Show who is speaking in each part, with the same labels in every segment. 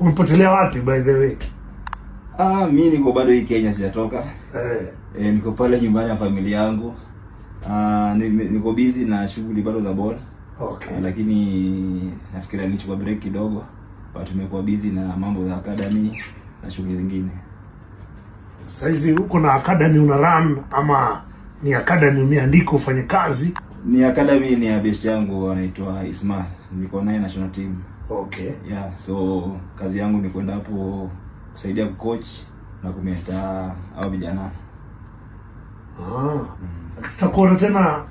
Speaker 1: Umepotelea wapi by the way?
Speaker 2: Ah, mi niko bado hii Kenya sijatoka. Eh. Eh, niko pale nyumbani ya familia yangu. Ah, niko busy na shughuli bado za bola. Okay. Ah, lakini nafikiria nichukua break kidogo. Kwa tumekuwa busy na mambo za academy na shughuli zingine.
Speaker 1: Saizi huko na academy una run ama ni academy umeandika ufanye kazi?
Speaker 2: Ni academy ni ya best yangu anaitwa Ismail. Niko naye national team. Okay. Yeah, so kazi yangu ni kwenda hapo kusaidia coach na kumeta au vijana.
Speaker 1: Ah. mm. Tutakuona tena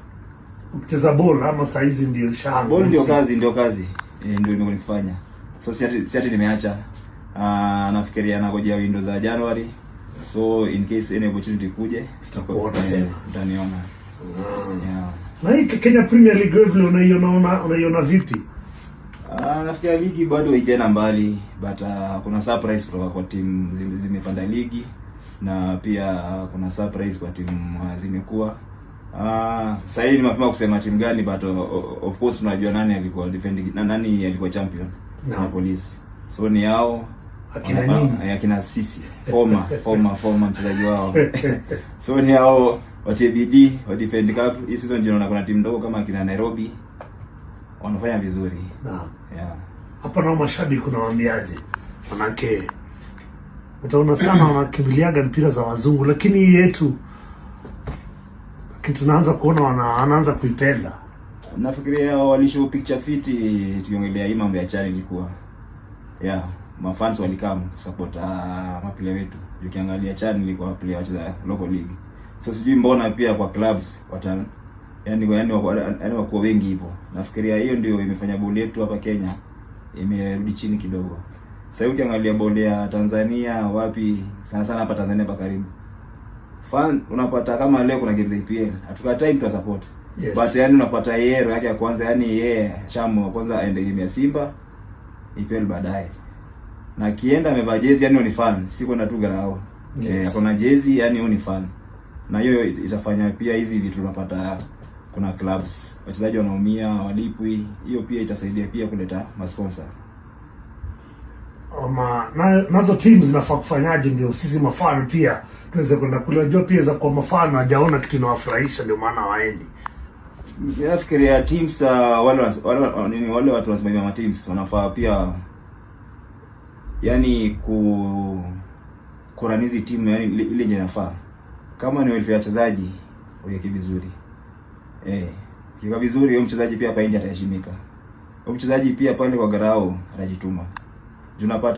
Speaker 1: ukicheza ball ama saa hizi ndio shamba. Ah,
Speaker 2: ball ndio kazi, ndio kazi. E, ndio ndio nikifanya. So siati siati nimeacha. Ah, uh, nafikiria na kujia window za January. So in case any opportunity kuje, tutakuona eh, tena. Utaniona. Mm.
Speaker 1: Ah. Yeah. Na hii Kenya Premier League vile unaiona unaiona vipi?
Speaker 2: Uh, ah, nafikia ligi bado haijaenda mbali but uh, kuna surprise kutoka kwa timu zimepanda ligi na pia uh, kuna surprise kwa timu uh, ah, zimekuwa uh, sasa hii ni mapema kusema timu gani but uh, of course tunajua nani alikuwa defending na nani alikuwa champion yeah. na police so ni yao akina nini eh, akina sisi former former former mchezaji wao so ni hao watie bidii wa defend cup hii season jiona kuna timu ndogo kama akina Nairobi wanafanya vizuri hapa yeah.
Speaker 1: Nao mashabiki unawaambiaje? Manake utaona sana wanakimbiliaga mpira za wazungu, lakini hii yetu, lakini tunaanza kuona wanaanza kuipenda.
Speaker 2: Nafikiria walisho picture fit, tukiongelea hii mambo ya chani ilikuwa yeah mafans walikam support uh, ah, mapile wetu. Ukiangalia chani ilikuwa maplaya wacheza local league, so sijui mbona pia kwa clubs wata yani yani yani wako wengi hivyo. Nafikiria hiyo ndio imefanya boli yetu hapa Kenya imerudi chini kidogo. Sasa hivi ukiangalia boli ya Tanzania wapi, sana sana hapa Tanzania hapa karibu fan unapata kama leo kuna game za EPL, hatukatai mtu support. yes. But yani unapata yero yake ya kwanza, yani yeye yeah, chamo kwanza aende game ya Simba IPL e baadaye, na kienda amevaa jezi, yani ni fan, si kwenda tu garao yes. Eh, kuna jezi yani ni fan, na hiyo itafanya pia hizi vitu tunapata kuna clubs wachezaji wanaumia, walipwi. Hiyo pia itasaidia pia kuleta masponsa.
Speaker 1: Oma, na, nazo team zinafaa kufanyaje ndio sisi mafano pia tuweze kwenda kule? Unajua pia za kwa mafano hajaona kitu inawafurahisha ndio maana waendi.
Speaker 2: Nafikiria yeah, teams uh, wale wale wale, wale watu wanasimamia ma teams wanafaa pia yani ku kuranizi timu yani ile inafaa. Kama ni welfare wachezaji waweke vizuri. Eh, kiwa vizuri huyo mchezaji pia hapa India ataheshimika. Huyo mchezaji pia pale kwa Garao atajituma. Tunapata